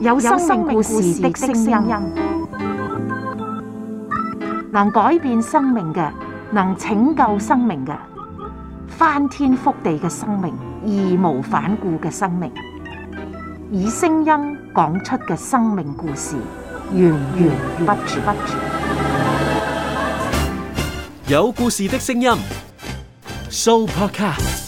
有生命故事的聲音，能改變生命嘅，能拯救生命嘅，翻天覆地嘅生命，義無反顧嘅生命，以聲音講出嘅生命故事，源源不絕。有故事的聲音，Soupercast。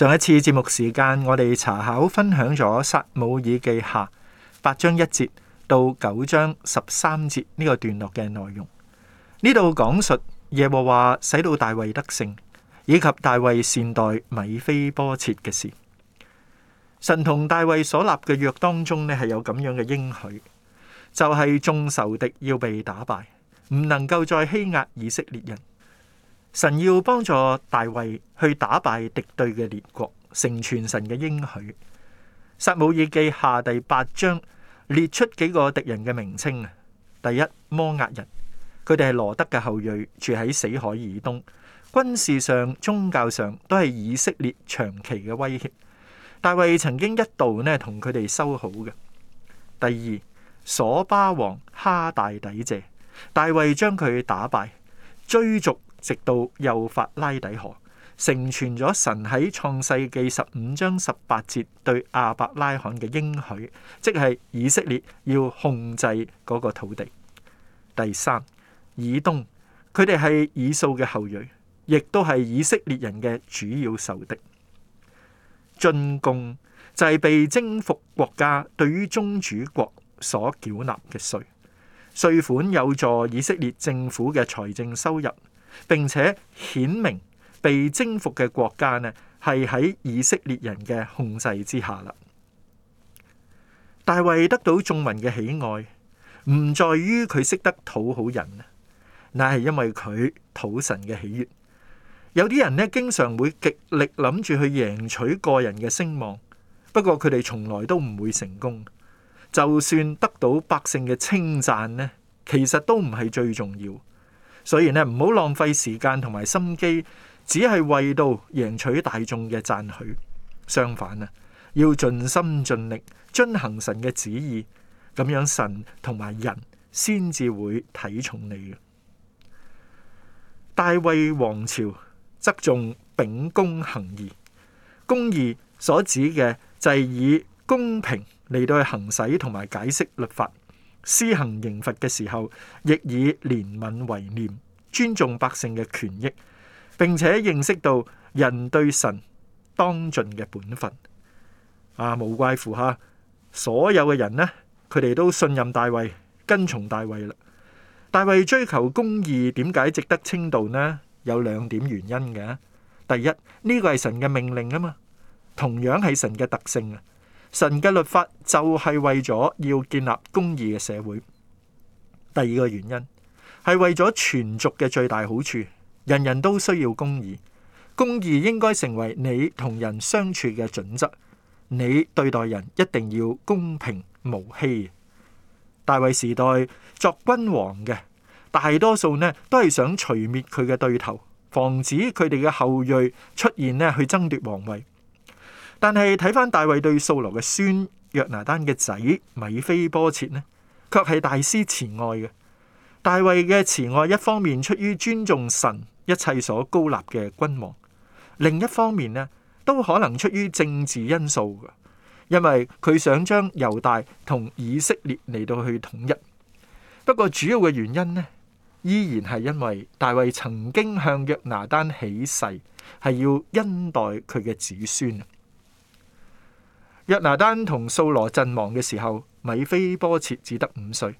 上一次節目時間，我哋查考分享咗《撒母耳記下》八章一節到九章十三節呢個段落嘅內容。呢度講述耶和華使到大衛得勝，以及大衛善待米非波切嘅事。神同大衛所立嘅約當中呢，係有咁樣嘅應許，就係、是、眾仇敵要被打敗，唔能夠再欺壓以色列人。神要幫助大衛去打敗敵對嘅列國，成全神嘅應許。撒母耳記下第八章列出幾個敵人嘅名稱啊。第一，摩押人，佢哋係羅德嘅後裔，住喺死海以東，軍事上、宗教上都係以色列長期嘅威脅。大衛曾經一度呢同佢哋修好嘅。第二，所巴王哈大抵謝，大衛將佢打敗，追逐。直到幼發拉底河，成全咗神喺創世紀十五章十八節對亞伯拉罕嘅應許，即係以色列要控制嗰個土地。第三，以東，佢哋係以掃嘅後裔，亦都係以色列人嘅主要受敵。進貢就係、是、被征服國家對於宗主國所繳納嘅稅，稅款有助以色列政府嘅財政收入。並且顯明被征服嘅國家咧，係喺以色列人嘅控制之下啦。大衛得到眾民嘅喜愛，唔在於佢識得討好人，乃係因為佢討神嘅喜悅。有啲人咧，經常會極力諗住去贏取個人嘅聲望，不過佢哋從來都唔會成功。就算得到百姓嘅稱讚咧，其實都唔係最重要。所以呢，唔好浪費時間同埋心機，只係為到贏取大眾嘅讚許。相反啊，要盡心盡力遵行神嘅旨意，咁樣神同埋人先至會睇重你嘅。大衛王朝則重秉公行義，公義所指嘅就係以公平嚟到去行使同埋解釋律法。施行刑罰嘅時候，亦以憐憫為念，尊重百姓嘅權益，並且認識到人對神當盡嘅本分。啊，無怪乎吓，所有嘅人呢，佢哋都信任大衛，跟從大衛啦。大衛追求公義，點解值得稱道呢？有兩點原因嘅。第一，呢個係神嘅命令啊嘛，同樣係神嘅特性啊。神嘅律法就係為咗要建立公義嘅社會。第二個原因係為咗全族嘅最大好處，人人都需要公義，公義應該成為你同人相處嘅準則。你對待人一定要公平無欺。大衛時代作君王嘅大多數呢都係想除滅佢嘅對頭，防止佢哋嘅後裔出現呢去爭奪皇位。但係睇翻大衛對掃羅嘅孫約拿單嘅仔米非波切呢，卻係大施慈愛嘅。大衛嘅慈愛一方面出於尊重神一切所膏立嘅君王，另一方面呢都可能出於政治因素嘅，因為佢想將猶大同以色列嚟到去統一。不過主要嘅原因呢，依然係因為大衛曾經向約拿單起誓，係要恩待佢嘅子孫。約拿單同掃羅陣亡嘅時候，米非波設只得五歲。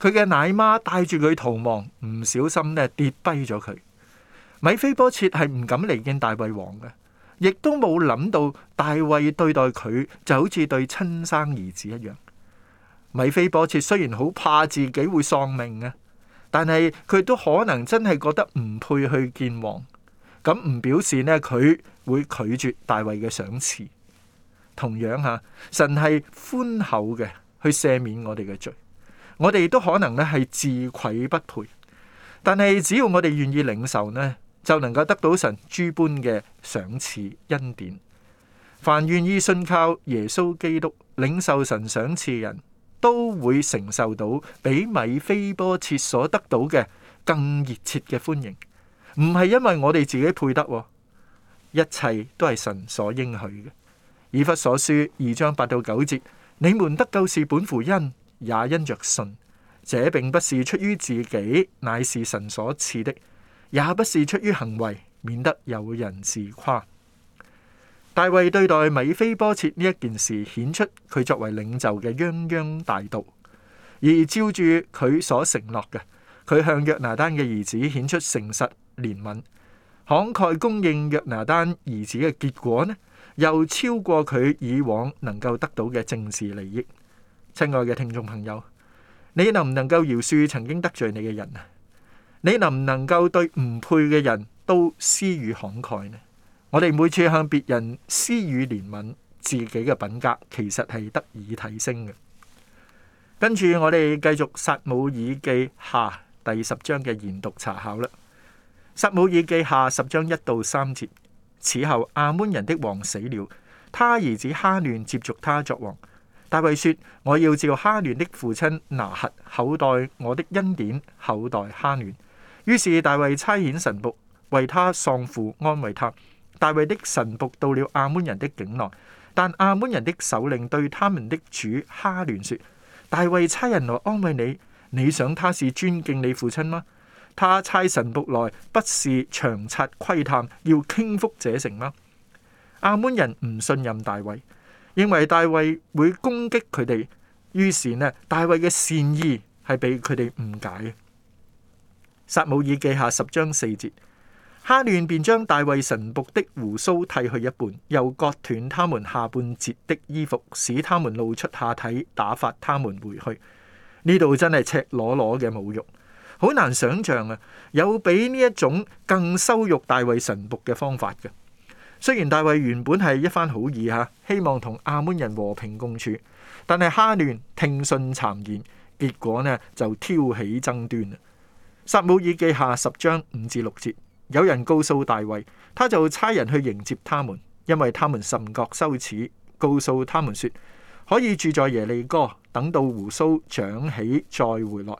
佢嘅奶媽帶住佢逃亡，唔小心咧跌低咗佢。米非波設係唔敢嚟見大衛王嘅，亦都冇諗到大衛對待佢就好似對親生兒子一樣。米非波設雖然好怕自己會喪命啊，但係佢都可能真係覺得唔配去見王，咁唔表示呢，佢會拒絕大衛嘅賞賜。同樣吓，神係寬厚嘅，去赦免我哋嘅罪。我哋都可能咧係自愧不配，但係只要我哋願意領受呢，就能夠得到神諸般嘅賞賜恩典。凡願意信靠耶穌基督、領受神賞賜人，都會承受到比米非波切所得到嘅更熱切嘅歡迎。唔係因為我哋自己配得，一切都係神所應許嘅。以弗所書二章八到九節，你們得救是本乎恩，也因着信。這並不是出於自己，乃是神所賜的；也不是出於行為，免得有人自誇。大衛對待米非波切呢一件事，顯出佢作為領袖嘅泱泱大道，而照住佢所承諾嘅，佢向約拿單嘅兒子顯出誠實、憐憫、慷慨供應約拿單兒子嘅結果呢？又超過佢以往能夠得到嘅政治利益。親愛嘅聽眾朋友，你能唔能夠饒恕曾經得罪你嘅人啊？你能唔能夠對唔配嘅人都施予慷慨呢？我哋每次向別人施予憐憫，自己嘅品格其實係得以提升嘅。跟住我哋繼續《撒母耳記下》第十章嘅研讀查考啦，《撒母耳記下》十章一到三節。此後，亞捫人的王死了，他兒子哈亂接續他作王。大衛說：我要照哈亂的父親拿轄厚待我的恩典，厚待哈亂。於是大衛差遣神僕為他喪父安慰他。大衛的神僕到了亞捫人的境內，但亞捫人的首領對他們的主哈亂說：大衛差人來安慰你，你想他是尊敬你父親嗎？他差神僕來不是長察、窺探要傾覆者成嗎？亞捫人唔信任大衛，認為大衛會攻擊佢哋，於是呢，大衛嘅善意係被佢哋誤解。撒母耳記下十章四節，哈亂便將大衛神僕的鬍鬚剃去一半，又割斷他們下半截的衣服，使他們露出下體，打發他們回去。呢度真係赤裸裸嘅侮辱。好難想象啊！有比呢一種更羞辱大衛神僕嘅方法嘅。雖然大衛原本係一番好意吓，希望同亞捫人和平共處，但係哈亂聽信讒言，結果呢就挑起爭端。撒母耳記下十章五至六節，有人告訴大衛，他就差人去迎接他們，因為他們甚覺羞恥，告訴他們說可以住在耶利哥，等到胡鬚長起再回來。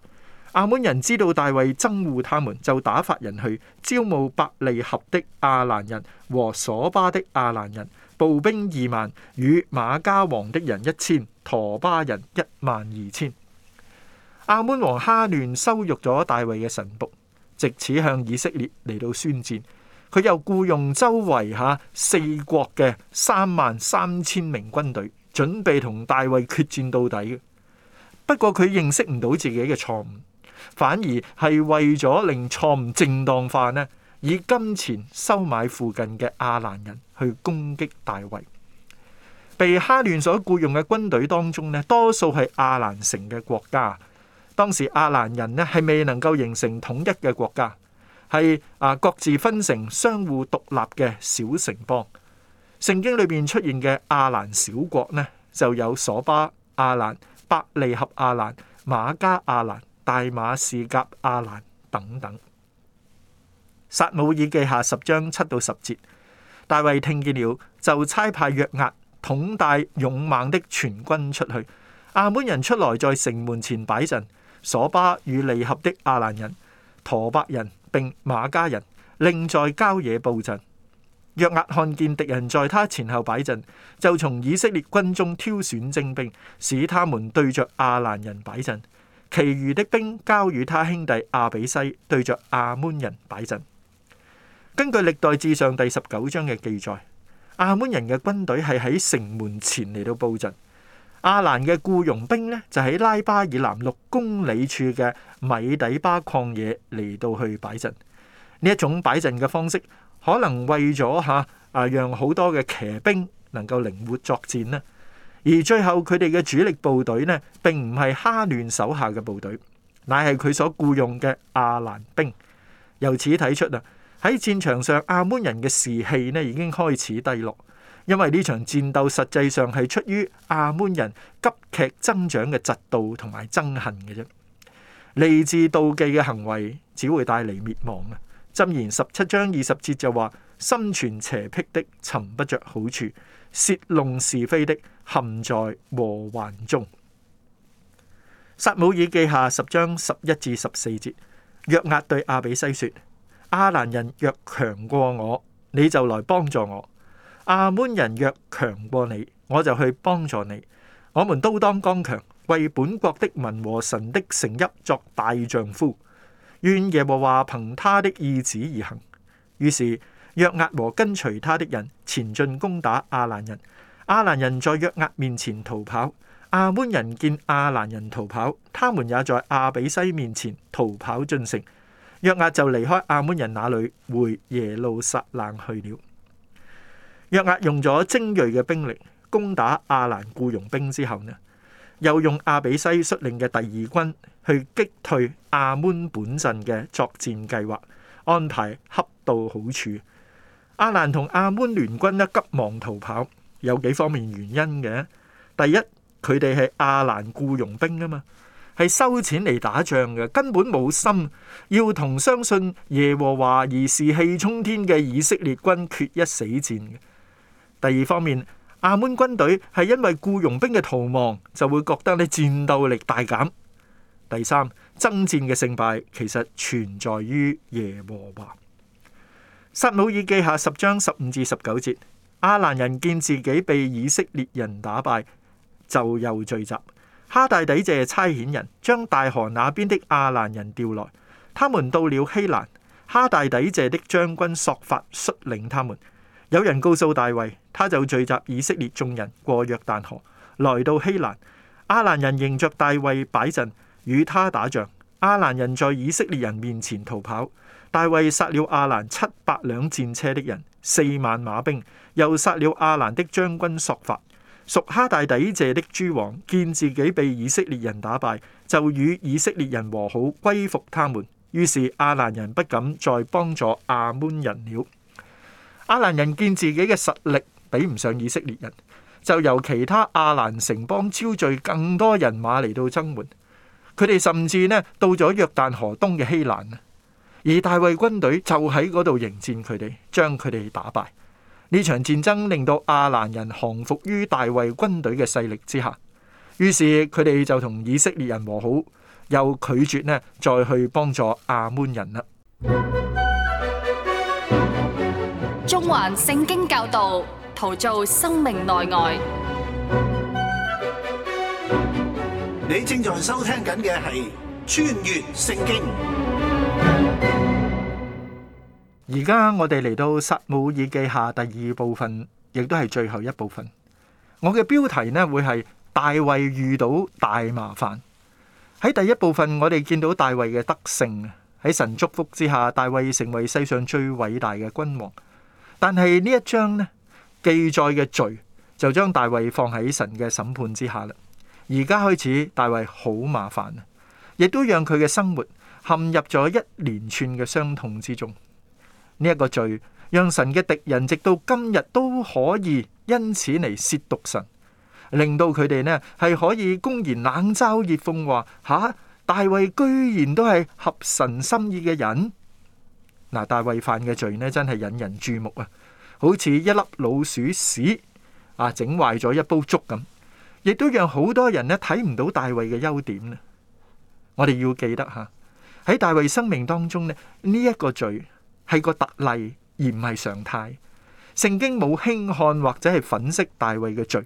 亞捫人知道大衛憎惡他們，就打發人去招募伯利合的亞蘭人和瑣巴的亞蘭人，步兵二萬，與瑪迦王的人一千，陀巴人一萬二千。亞捫王哈亂羞辱咗大衛嘅臣僕，借此向以色列嚟到宣戰。佢又雇傭周圍吓四國嘅三萬三千名軍隊，準備同大衛決戰到底。不過佢認識唔到自己嘅錯誤。反而係為咗令錯誤正當化咧，以金錢收買附近嘅亞蘭人去攻擊大衛。被哈嫩所僱用嘅軍隊當中咧，多數係亞蘭城嘅國家。當時亞蘭人咧係未能夠形成統一嘅國家，係啊，各自分成相互獨立嘅小城邦。聖經裏面出現嘅亞蘭小國咧，就有瑣巴亞蘭、伯利合亞蘭、瑪迦亞蘭。大馬士革、亞蘭等等，撒母耳記下十章七到十節，大衛聽見了，就差派約押統帶勇猛的全軍出去。亞捫人出來在城門前擺陣，瑣巴與利合的亞蘭人、陀伯人並馬家人。人另在郊野布陣。約押看見敵人在他前後擺陣，就從以色列軍中挑選精兵，使他們對着亞蘭人擺陣。其餘的兵交與他兄弟亞比西，對着亞捫人擺陣。根據歷代志上第十九章嘅記載，亞捫人嘅軍隊係喺城門前嚟到布陣。亞蘭嘅僱傭兵呢，就喺拉巴以南六公里處嘅米底巴曠野嚟到去擺陣。呢一種擺陣嘅方式，可能為咗吓啊，讓好多嘅騎兵能夠靈活作戰呢。而最後佢哋嘅主力部隊呢，並唔係哈亂手下嘅部隊，乃係佢所僱用嘅亞蘭兵。由此睇出啦，喺戰場上亞門人嘅士氣呢已經開始低落，因為呢場戰鬥實際上係出於亞門人急劇增長嘅嫉妒同埋憎恨嘅啫。嚟自妒忌嘅行為，只會帶嚟滅亡啊！箴言十七章二十節就話：心存邪僻的，尋不著好處。洩弄是非的，陷在禍患中。撒母耳記下十章十一至十四節：約押對亞比篩說：亞蘭人若強過我，你就來幫助我；亞捫人若強過你，我就去幫助你。我們都當剛強，為本國的民和神的城邑作大丈夫。願耶和華憑他的意旨而行。於是。約押和跟隨他的人前進攻打亞蘭人，亞蘭人在約押面前逃跑。亞捫人見亞蘭人逃跑，他們也在亞比西面前逃跑進城。約押就離開亞捫人那裡回耶路撒冷去了。約押用咗精銳嘅兵力攻打亞蘭僱傭兵之後呢，又用亞比西率領嘅第二軍去擊退亞捫本陣嘅作戰計劃，安排恰到好處。亞蘭同亞捫聯軍一急忙逃跑，有幾方面原因嘅。第一，佢哋係亞蘭僱傭兵啊嘛，係收錢嚟打仗嘅，根本冇心要同相信耶和華而士氣沖天嘅以色列軍決一死戰。第二方面，亞捫軍隊係因為僱傭兵嘅逃亡，就會覺得你戰鬥力大減。第三，爭戰嘅勝敗其實存在於耶和華。撒母耳記下十章十五至十九節，亞蘭人見自己被以色列人打敗，就又聚集。哈大底謝差遣人將大河那邊的亞蘭人調來，他們到了希蘭。哈大底謝的將軍朔法率領他們。有人告訴大衛，他就聚集以色列眾人過約旦河，來到希蘭。亞蘭人迎着大衛擺陣，與他打仗。亞蘭人在以色列人面前逃跑。大衛殺了亞蘭七百輛戰車的人，四萬馬兵，又殺了亞蘭的將軍朔法。屬哈大底謝的諸王見自己被以色列人打敗，就與以色列人和好，歸服他們。於是亞蘭人不敢再幫助亞捫人了。亞蘭人見自己嘅實力比唔上以色列人，就由其他亞蘭城邦招聚更多人馬嚟到增援。佢哋甚至呢到咗約旦河東嘅希蘭。而大衛軍隊就喺嗰度迎戰佢哋，將佢哋打敗。呢場戰爭令到亞蘭人降服於大衛軍隊嘅勢力之下，於是佢哋就同以色列人和好，又拒絕呢再去幫助亞捫人啦。中環聖經教導，陶造生命內外。你正在收聽緊嘅係《穿越聖經》。而家我哋嚟到《撒母耳記下》第二部分，亦都係最後一部分。我嘅標題呢，會係大衛遇到大麻煩。喺第一部分，我哋見到大衛嘅德性，喺神祝福之下，大衛成為世上最偉大嘅君王。但係呢一章呢記載嘅罪，就將大衛放喺神嘅審判之下啦。而家開始大衛，大衛好麻煩，亦都讓佢嘅生活陷入咗一連串嘅傷痛之中。呢一個罪，讓神嘅敵人直到今日都可以因此嚟褻瀆神，令到佢哋咧係可以公然冷嘲熱諷，話吓大衛居然都係合神心意嘅人。嗱，大衛犯嘅罪咧真係引人注目啊，好似一粒老鼠屎啊，整壞咗一煲粥咁，亦都讓好多人咧睇唔到大衛嘅優點啊。我哋要記得吓喺大衛生命當中咧呢一個罪。係個特例而唔係常態。聖經冇輕看或者係粉飾大衛嘅罪，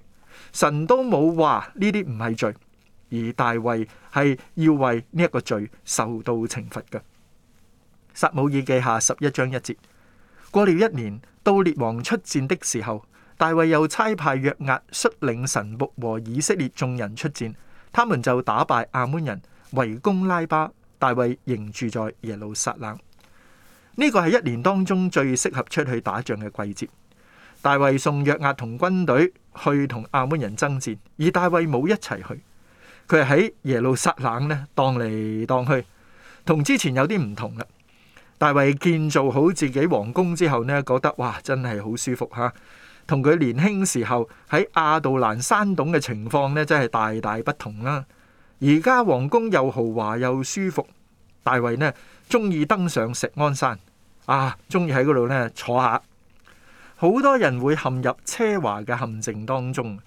神都冇話呢啲唔係罪，而大衛係要為呢一個罪受到懲罰嘅。撒母耳記下十一章一節：過了一年，到列王出戰的時候，大衛又差派約押率領臣僕和以色列眾人出戰，他們就打敗亞捫人，圍攻拉巴。大衛仍住在耶路撒冷。呢個係一年當中最適合出去打仗嘅季節。大衛送約押同軍隊去同亞捫人爭戰，而大衛冇一齊去。佢係喺耶路撒冷呢蕩嚟蕩去，同之前有啲唔同啦。大衛建造好自己皇宮之後呢，覺得哇，真係好舒服嚇啊。同佢年輕時候喺亞杜蘭山洞嘅情況呢，真係大大不同啦。而家皇宮又豪華又舒服，大衛呢鍾意登上錫安山。啊，中意喺嗰度呢坐下，好多人會陷入奢華嘅陷阱當中。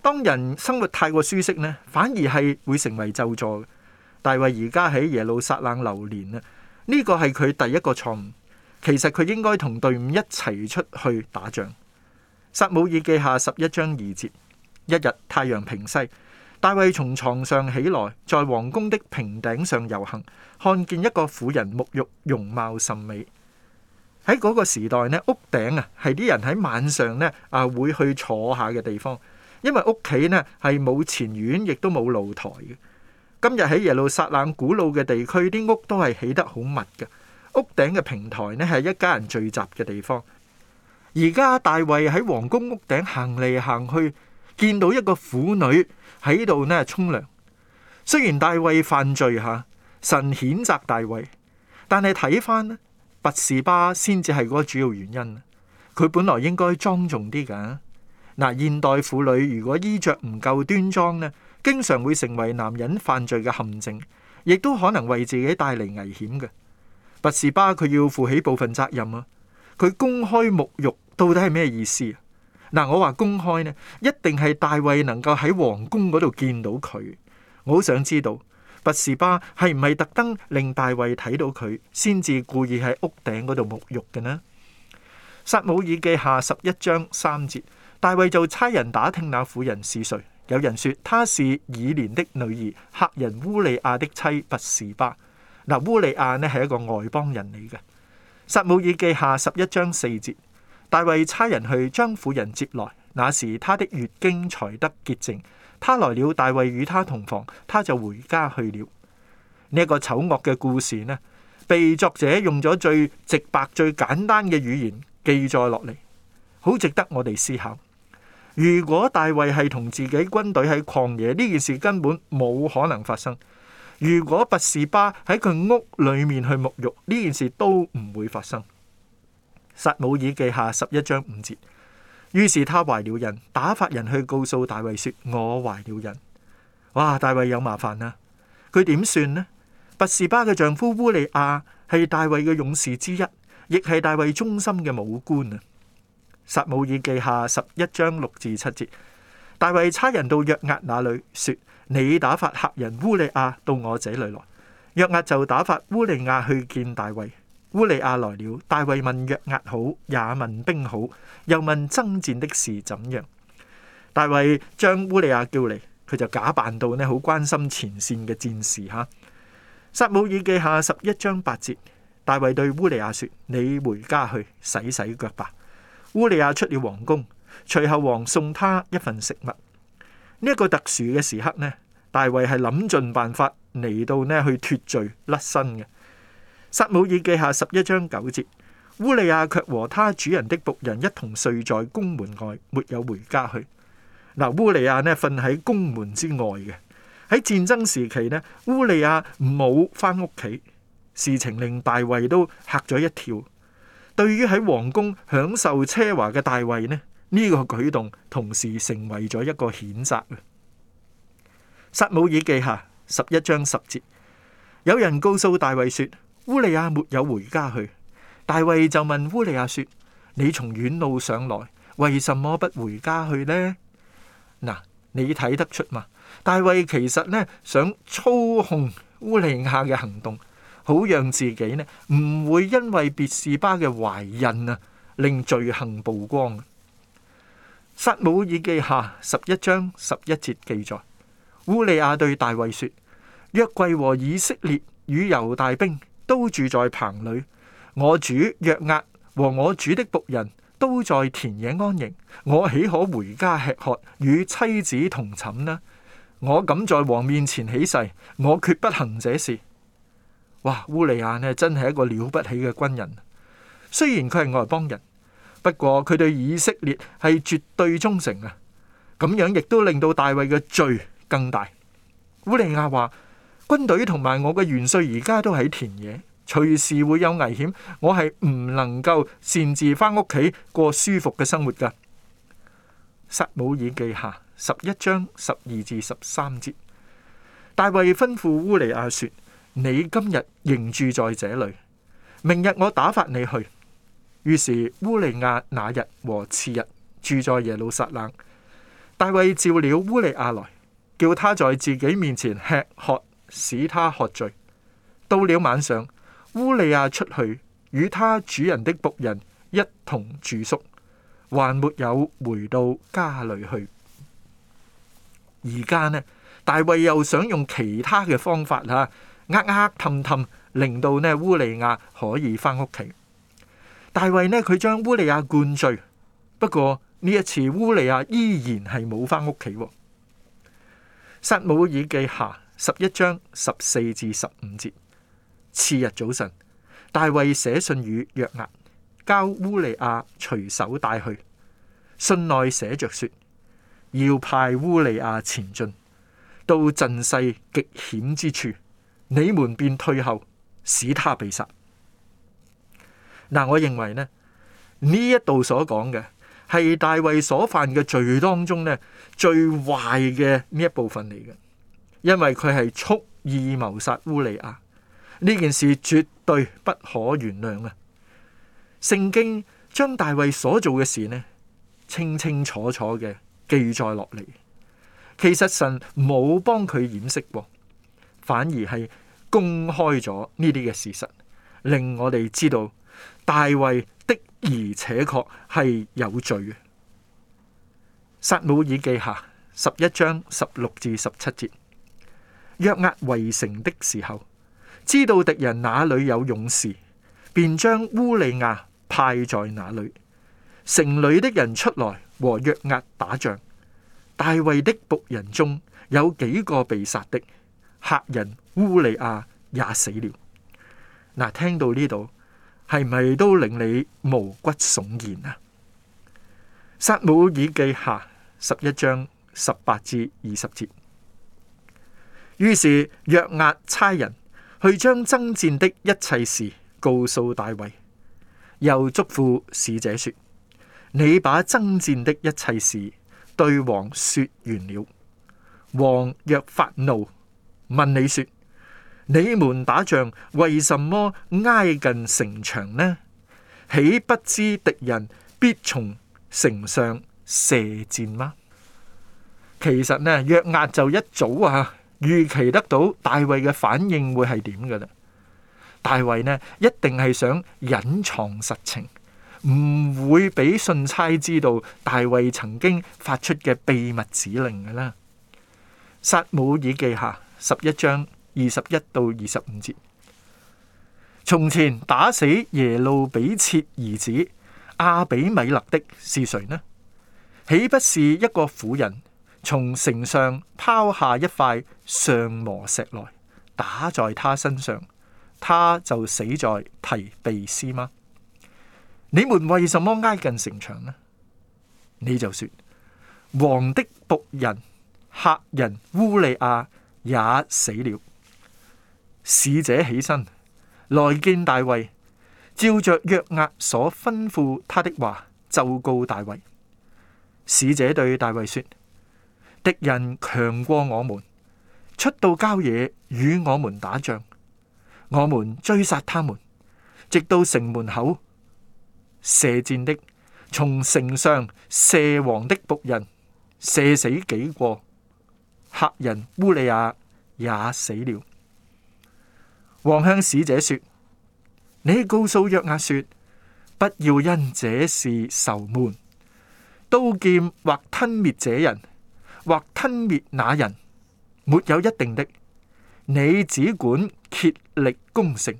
當人生活太過舒適呢，反而係會成為救助。大衛而家喺耶路撒冷流連啊，呢個係佢第一個錯誤。其實佢應該同隊伍一齊出去打仗。撒母耳記下十一章二節：一日太陽平西，大衛從床上起來，在王宮的平頂上遊行，看見一個婦人沐浴，容貌甚美。喺嗰個時代咧，屋頂啊係啲人喺晚上咧啊會去坐下嘅地方，因為屋企咧係冇前院，亦都冇露台嘅。今日喺耶路撒冷古老嘅地區，啲屋都係起得好密嘅，屋頂嘅平台咧係一家人聚集嘅地方。而家大衛喺皇宮屋頂行嚟行去，見到一個婦女喺度咧沖涼。雖然大衛犯罪吓，神譴責大衛，但係睇翻咧。拔士巴先至係嗰個主要原因，佢本來應該莊重啲嘅。嗱、啊，現代婦女如果衣着唔夠端莊咧，經常會成為男人犯罪嘅陷阱，亦都可能為自己帶嚟危險嘅。拔士巴佢要負起部分責任啊！佢公開沐浴到底係咩意思？嗱、啊，我話公開咧，一定係大衛能夠喺皇宮嗰度見到佢，我好想知道。拔士巴係唔係特登令大衛睇到佢，先至故意喺屋頂嗰度沐浴嘅呢？撒母耳記下十一章三節，大衛就差人打聽那婦人是誰。有人說她是以連的女兒，客人烏利亞的妻子拔士巴。嗱，烏利亞呢係一個外邦人嚟嘅。撒母耳記下十一章四節，大衛差人去將婦人接來，那時他的月經才得潔淨。他來了，大衛與他同房，他就回家去了。呢、這、一個醜惡嘅故事呢，被作者用咗最直白、最簡單嘅語言記載落嚟，好值得我哋思考。如果大衛係同自己軍隊喺曠野，呢件事根本冇可能發生；如果拔士巴喺佢屋裏面去沐浴，呢件事都唔會發生。撒母耳記下十一章五節。於是他懷了人，打發人去告訴大衛說：我懷了人。哇！大衛有麻煩啦、啊。佢點算呢？拔士巴嘅丈夫烏利亞係大衛嘅勇士之一，亦係大衛忠心嘅武官啊。撒母耳記下十一章六至七節，大衛差人到約押那裏說：你打發客人烏利亞到我這裏來。約押就打發烏利亞去見大衛。烏利亞來了，大衛問約押好，也問兵好，又問征戰的事怎樣。大衛將烏利亞叫嚟，佢就假扮到呢好關心前綫嘅戰士吓。撒、啊、姆耳記下十一章八節，大衛對烏利亞說：你回家去洗洗腳吧。烏利亞出了王宮，隨後王送他一份食物。呢、這、一個特殊嘅時刻呢，大衛係諗盡辦法嚟到呢去脫罪甩身嘅。撒母耳記下十一章九節，烏利亞卻和他主人的僕人一同睡在宮門外，沒有回家去。嗱，烏利亞呢瞓喺宮門之外嘅。喺戰爭時期呢，烏利亞冇返屋企，事情令大衛都吓咗一跳。對於喺皇宮享受奢華嘅大衛呢，呢個舉動同時成為咗一個譴責。撒母耳記下十一章十節，有人告訴大衛說。烏利亞沒有回家去，大衛就問烏利亞說：你從遠路上來，為什麼不回家去呢？嗱，你睇得出嘛？大衛其實呢，想操控烏利亞嘅行動，好讓自己呢唔會因為別士巴嘅懷孕啊，令罪行曝光。撒母耳記下十一章十一節記載，烏利亞對大衛說：約櫃和以色列與猶大兵。都住在棚裏，我主約押和我主的僕人都在田野安營，我豈可回家吃喝與妻子同寢呢？我敢在王面前起誓，我決不行這事。哇，烏利亞呢真係一個了不起嘅軍人，雖然佢係外邦人，不過佢對以色列係絕對忠誠啊！咁樣亦都令到大衛嘅罪更大。烏利亞話。軍隊同埋我嘅元帥而家都喺田野，隨時會有危險。我係唔能夠擅自返屋企過舒服嘅生活㗎。撒母耳記下十一章十二至十三節，大衛吩咐烏利亞說：你今日仍住在這裏，明日我打發你去。於是烏利亞那日和次日住在耶路撒冷。大衛召了烏利亞來，叫他在自己面前吃喝。使他喝醉。到了晚上，烏利亞出去與他主人的僕人一同住宿，還沒有回到家裏去。而家呢，大衛又想用其他嘅方法吓，呃呃氹氹，令到呢烏利亞可以翻屋企。大衛呢，佢將烏利亞灌醉，不過呢一次烏利亞依然係冇翻屋企。撒母耳記下。十一章十四至十五節，次日早晨，大衛寫信與約押，交烏利亞隨手帶去。信內寫着說：要派烏利亞前進，到陣勢極險之處，你們便退後，使他被殺。嗱、啊，我認為呢呢一度所講嘅係大衛所犯嘅罪當中呢最壞嘅呢一部分嚟嘅。因為佢係蓄意謀殺烏利亞，呢件事絕對不可原諒啊！聖經將大衛所做嘅事呢，清清楚楚嘅記載落嚟。其實神冇幫佢掩飾，反而係公開咗呢啲嘅事實，令我哋知道大衛的而且確係有罪嘅。撒母耳記下十一章十六至十七節。約押圍城的時候，知道敵人哪裏有勇士，便將烏利亞派在那裏。城裏的人出來和約押打仗，大衛的僕人中有幾個被殺的，客人烏利亞也死了。嗱、啊，聽到呢度係咪都令你毛骨悚然啊？撒母耳記下十一章十八至二十節。於是約押差人去將爭戰的一切事告訴大衛，又囑咐使者說：你把爭戰的一切事對王說完了。王若發怒，問你說：你們打仗為什麼挨近城牆呢？豈不知敵人必從城上射箭嗎？其實呢，約押就一早啊。預期得到大衛嘅反應會係點嘅咧？大衛呢一定係想隱藏實情，唔會俾信差知道大衛曾經發出嘅秘密指令嘅啦。撒母耳記下十一章二十一到二十五節：從前打死耶路比切兒子亞比米勒的是誰呢？豈不是一個婦人？從城上拋下一塊上磨石來打在他身上，他就死在提備斯嗎？你們為什麼挨近城牆呢？你就說王的僕人、赫人烏利亞也死了。使者起身來見大衛，照着約押所吩咐他的話，奏告大衛。使者對大衛說。敵人強過我們，出到郊野與我們打仗，我們追殺他們，直到城門口。射箭的從城上射王的僕人，射死幾個，客人烏利亞也死了。王向使者說：你告訴約押、啊、說，不要因這事愁悶，刀劍或吞滅這人。或吞滅那人，沒有一定的，你只管竭力攻城，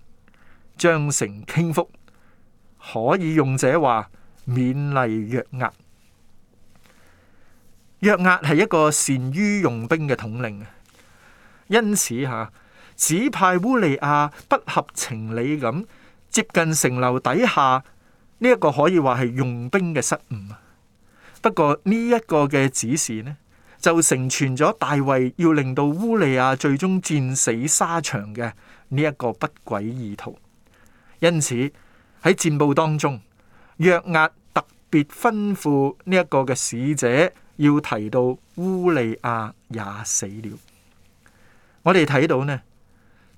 將城傾覆，可以用者話勉勵約押。約押係一個善於用兵嘅統領，因此吓指派烏利亞不合情理咁接近城樓底下，呢一個可以話係用兵嘅失誤。不過呢一個嘅指示呢？就成全咗大衛要令到烏利亞最終戰死沙場嘅呢一個不軌意圖。因此，喺戰報當中，約押特別吩咐呢一個嘅使者要提到烏利亞也死了。我哋睇到呢，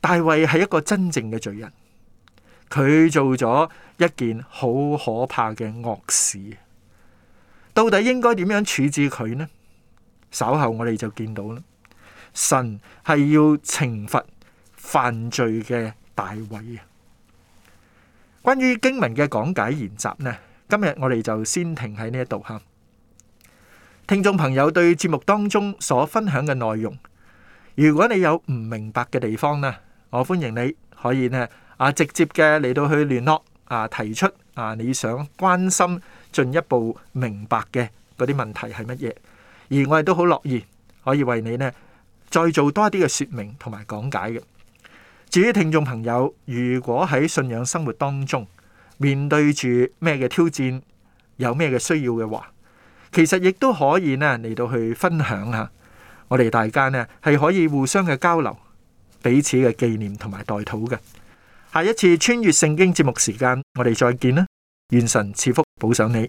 大衛係一個真正嘅罪人，佢做咗一件好可怕嘅惡事。到底應該點樣處置佢呢？稍後我哋就見到啦，神係要懲罰犯罪嘅大衛啊！關於經文嘅講解研習呢，今日我哋就先停喺呢一度哈。聽眾朋友對節目當中所分享嘅內容，如果你有唔明白嘅地方呢，我歡迎你可以呢啊直接嘅嚟到去聯絡啊，提出啊你想關心進一步明白嘅嗰啲問題係乜嘢。而我哋都好樂意可以為你呢再做多一啲嘅說明同埋講解嘅。至於聽眾朋友，如果喺信仰生活當中面對住咩嘅挑戰，有咩嘅需要嘅話，其實亦都可以呢嚟到去分享下，我哋大家呢係可以互相嘅交流，彼此嘅紀念同埋代禱嘅。下一次穿越聖經節目時間，我哋再見啦！願神賜福保賞你。